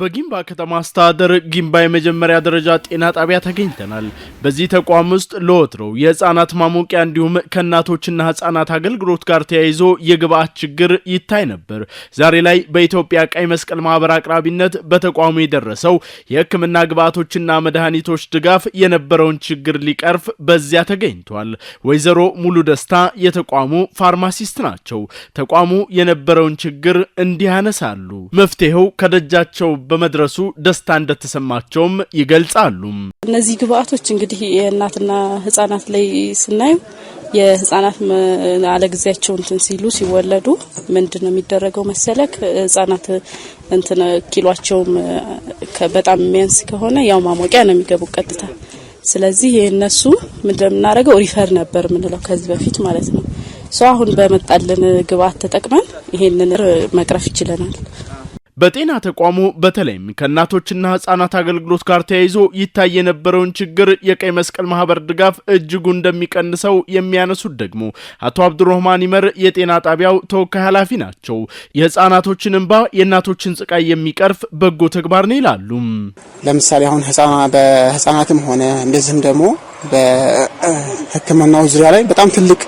በጊምባ ከተማ አስተዳደር ጊምባ የመጀመሪያ ደረጃ ጤና ጣቢያ ተገኝተናል። በዚህ ተቋም ውስጥ ለወትሮው የህፃናት ማሞቂያ እንዲሁም ከእናቶችና ህፃናት አገልግሎት ጋር ተያይዞ የግብአት ችግር ይታይ ነበር። ዛሬ ላይ በኢትዮጵያ ቀይ መስቀል ማህበር አቅራቢነት በተቋሙ የደረሰው የህክምና ግብአቶችና መድኃኒቶች ድጋፍ የነበረውን ችግር ሊቀርፍ በዚያ ተገኝቷል። ወይዘሮ ሙሉ ደስታ የተቋሙ ፋርማሲስት ናቸው። ተቋሙ የነበረውን ችግር እንዲህ ያነሳሉ። መፍትሄው ከደጃቸው በመድረሱ ደስታ እንደተሰማቸውም ይገልጻሉ። እነዚህ ግብአቶች እንግዲህ የእናትና ህጻናት ላይ ስናየው የህጻናት አለጊዜያቸው እንትን ሲሉ ሲወለዱ ምንድን ነው የሚደረገው መሰለክ ህጻናት እንትን ኪሏቸውም በጣም የሚያንስ ከሆነ ያው ማሞቂያ ነው የሚገቡ ቀጥታ። ስለዚህ የእነሱ ምንድነው የምናደርገው ሪፈር ነበር የምንለው ከዚህ በፊት ማለት ነው። ሰው አሁን በመጣልን ግብአት ተጠቅመን ይሄንን መቅረፍ ይችለናል። በጤና ተቋሙ በተለይም ከእናቶችና ህጻናት አገልግሎት ጋር ተያይዞ ይታይ የነበረውን ችግር የቀይ መስቀል ማህበር ድጋፍ እጅጉ እንደሚቀንሰው የሚያነሱት ደግሞ አቶ አብዱረህማን ይመር የጤና ጣቢያው ተወካይ ኃላፊ ናቸው። የህፃናቶችን እንባ የእናቶችን ጽቃይ የሚቀርፍ በጎ ተግባር ነው ይላሉ። ለምሳሌ አሁን በህፃናትም ሆነ እንደዚህም ደግሞ በህክምናው ዙሪያ ላይ በጣም ትልቅ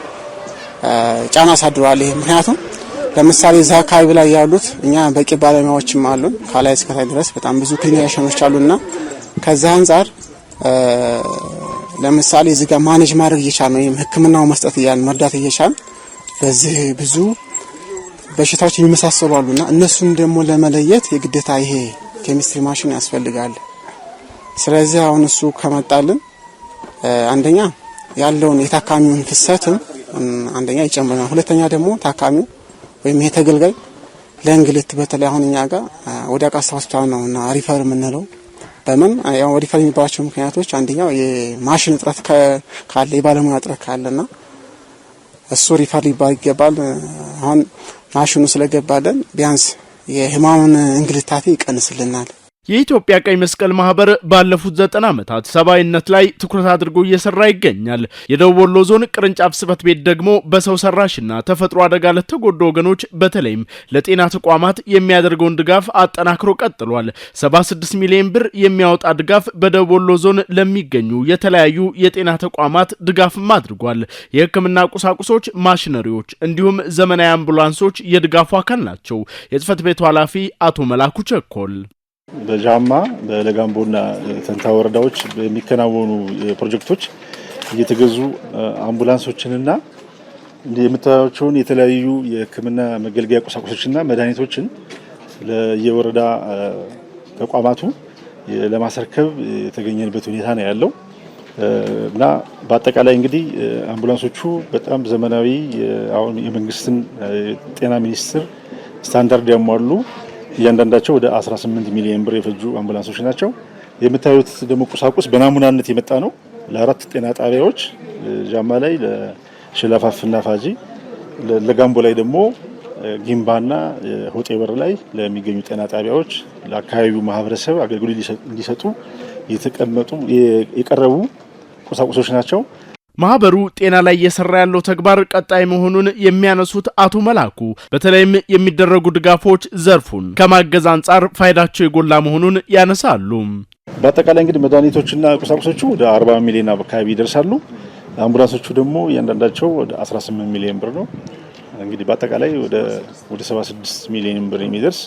ጫና አሳድሯል። ይሄ ምክንያቱም ለምሳሌ እዛ አካባቢ ላይ ያሉት እኛ በቂ ባለሙያዎችም አሉን። ከላይ እስከታይ ድረስ በጣም ብዙ ክሊኒሽኖች አሉና ከዛ አንጻር ለምሳሌ እዚህ ጋር ማኔጅ ማድረግ እየቻልን ወይም ህክምናው መስጠት እያልን መርዳት እየቻልን በዚህ ብዙ በሽታዎች የሚመሳሰሉ አሉና እነሱን ደግሞ ለመለየት የግዴታ ይሄ ኬሚስትሪ ማሽን ያስፈልጋል። ስለዚህ አሁን እሱ ከመጣልን አንደኛ ያለውን የታካሚውን ፍሰትም አንደኛ ይጨምረናል፣ ሁለተኛ ደግሞ ታካሚው ወይም ይሄ ተገልጋይ ለእንግልት በተለይ አሁን እኛ ጋር ወደ አቃስታ ሆስፒታል ነው እና ሪፈር የምንለው በምን ያው ሪፈር የሚባላቸው ምክንያቶች አንደኛው የማሽን እጥረት ካለ የባለሙያ እጥረት ካለና እሱ ሪፈር ሊባል ይገባል። አሁን ማሽኑ ስለገባለን ቢያንስ የህማሙን እንግልታቴ ይቀንስልናል። የኢትዮጵያ ቀይ መስቀል ማህበር ባለፉት ዘጠና ዓመታት ሰብአዊነት ላይ ትኩረት አድርጎ እየሰራ ይገኛል። የደቡብ ወሎ ዞን ቅርንጫፍ ጽህፈት ቤት ደግሞ በሰው ሰራሽና ተፈጥሮ አደጋ ለተጎዱ ወገኖች በተለይም ለጤና ተቋማት የሚያደርገውን ድጋፍ አጠናክሮ ቀጥሏል። 76 ሚሊዮን ብር የሚያወጣ ድጋፍ በደቡብ ወሎ ዞን ለሚገኙ የተለያዩ የጤና ተቋማት ድጋፍም አድርጓል። የህክምና ቁሳቁሶች፣ ማሽነሪዎች እንዲሁም ዘመናዊ አምቡላንሶች የድጋፉ አካል ናቸው። የጽህፈት ቤቱ ኃላፊ አቶ መላኩ ቸኮል በጃማ በለጋምቦና ተንታ ወረዳዎች የሚከናወኑ ፕሮጀክቶች እየተገዙ አምቡላንሶችንና የምታያቸውን የተለያዩ የሕክምና መገልገያ ቁሳቁሶችና መድኃኒቶችን ለየወረዳ ተቋማቱ ለማስረከብ የተገኘንበት ሁኔታ ነው ያለው እና በአጠቃላይ እንግዲህ አምቡላንሶቹ በጣም ዘመናዊ አሁን የመንግስትን ጤና ሚኒስቴር ስታንዳርድ ያሟሉ እያንዳንዳቸው ወደ 18 ሚሊዮን ብር የፈጁ አምቡላንሶች ናቸው። የምታዩት ደግሞ ቁሳቁስ በናሙናነት የመጣ ነው። ለአራት ጤና ጣቢያዎች ጃማ ላይ ለሽላፋፍና ፋጂ፣ ለጋምቦ ላይ ደግሞ ጊምባና ሆጤ በር ላይ ለሚገኙ ጤና ጣቢያዎች ለአካባቢው ማህበረሰብ አገልግሎት እንዲሰጡ የተቀመጡ የቀረቡ ቁሳቁሶች ናቸው። ማህበሩ ጤና ላይ እየሰራ ያለው ተግባር ቀጣይ መሆኑን የሚያነሱት አቶ መላኩ በተለይም የሚደረጉ ድጋፎች ዘርፉን ከማገዝ አንጻር ፋይዳቸው የጎላ መሆኑን ያነሳሉ። በአጠቃላይ እንግዲህ መድኃኒቶችና ቁሳቁሶቹ ወደ 40 ሚሊዮን አካባቢ ይደርሳሉ። አምቡላንሶቹ ደግሞ እያንዳንዳቸው ወደ 18 ሚሊዮን ብር ነው። እንግዲህ በአጠቃላይ ወደ 76 ሚሊዮን ብር የሚደርስ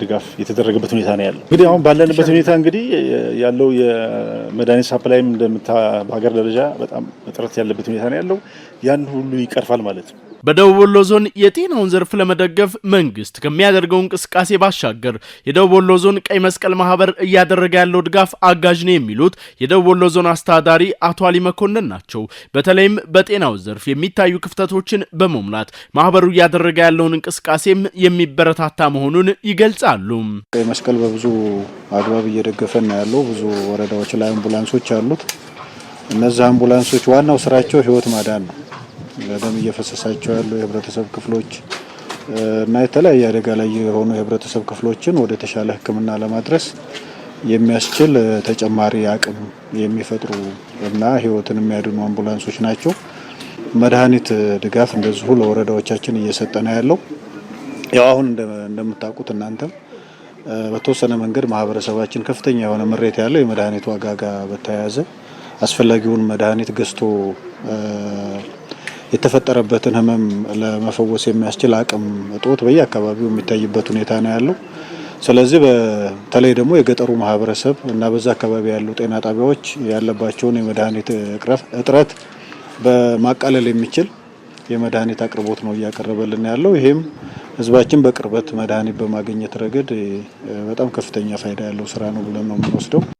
ድጋፍ የተደረገበት ሁኔታ ነው ያለው። እንግዲህ አሁን ባለንበት ሁኔታ እንግዲህ ያለው የመድኃኒት ሳፕላይም እንደምታ በሀገር ደረጃ በጣም እጥረት ያለበት ሁኔታ ነው ያለው። ያን ሁሉ ይቀርፋል ማለት ነው። በደቡብ ወሎ ዞን የጤናውን ዘርፍ ለመደገፍ መንግስት ከሚያደርገው እንቅስቃሴ ባሻገር የደቡብ ወሎ ዞን ቀይ መስቀል ማህበር እያደረገ ያለው ድጋፍ አጋዥ ነው የሚሉት የደቡብ ወሎ ዞን አስተዳዳሪ አቶ አሊ መኮንን ናቸው። በተለይም በጤናው ዘርፍ የሚታዩ ክፍተቶችን በመሙላት ማህበሩ እያደረገ ያለውን እንቅስቃሴም የሚበረታታ መሆኑን ይገልጻሉ። ቀይ መስቀል በብዙ አግባብ እየደገፈን ያለው። ብዙ ወረዳዎች ላይ አምቡላንሶች አሉት። እነዚህ አምቡላንሶች ዋናው ስራቸው ህይወት ማዳን ነው። ለደም እየፈሰሳቸው ያሉ የህብረተሰብ ክፍሎች እና የተለያየ አደጋ ላይ የሆኑ የህብረተሰብ ክፍሎችን ወደ ተሻለ ሕክምና ለማድረስ የሚያስችል ተጨማሪ አቅም የሚፈጥሩ እና ህይወትን የሚያድኑ አምቡላንሶች ናቸው። መድኃኒት ድጋፍ እንደዚሁ ለወረዳዎቻችን እየሰጠነ ያለው ያው አሁን እንደምታውቁት እናንተም በተወሰነ መንገድ ማህበረሰባችን ከፍተኛ የሆነ ምሬት ያለው የመድኃኒት ዋጋ ጋር በተያያዘ አስፈላጊውን መድኃኒት ገዝቶ የተፈጠረበትን ህመም ለመፈወስ የሚያስችል አቅም እጦት በየአካባቢው የሚታይበት ሁኔታ ነው ያለው። ስለዚህ በተለይ ደግሞ የገጠሩ ማህበረሰብ እና በዛ አካባቢ ያሉ ጤና ጣቢያዎች ያለባቸውን የመድኃኒት እጥረት በማቃለል የሚችል የመድኃኒት አቅርቦት ነው እያቀረበልን ያለው። ይህም ህዝባችን በቅርበት መድኃኒት በማግኘት ረገድ በጣም ከፍተኛ ፋይዳ ያለው ስራ ነው ብለን ነው የምንወስደው።